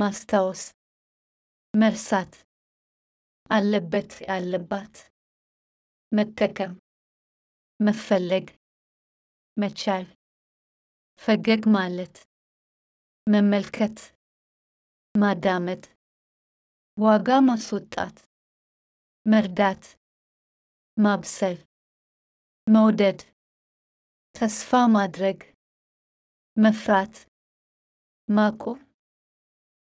ማስታወስ መርሳት አለበት አለባት መጠቀም መፈለግ መቻል ፈገግ ማለት መመልከት ማዳመጥ ዋጋ ማስወጣት መርዳት ማብሰል መውደድ ተስፋ ማድረግ መፍራት ማቆም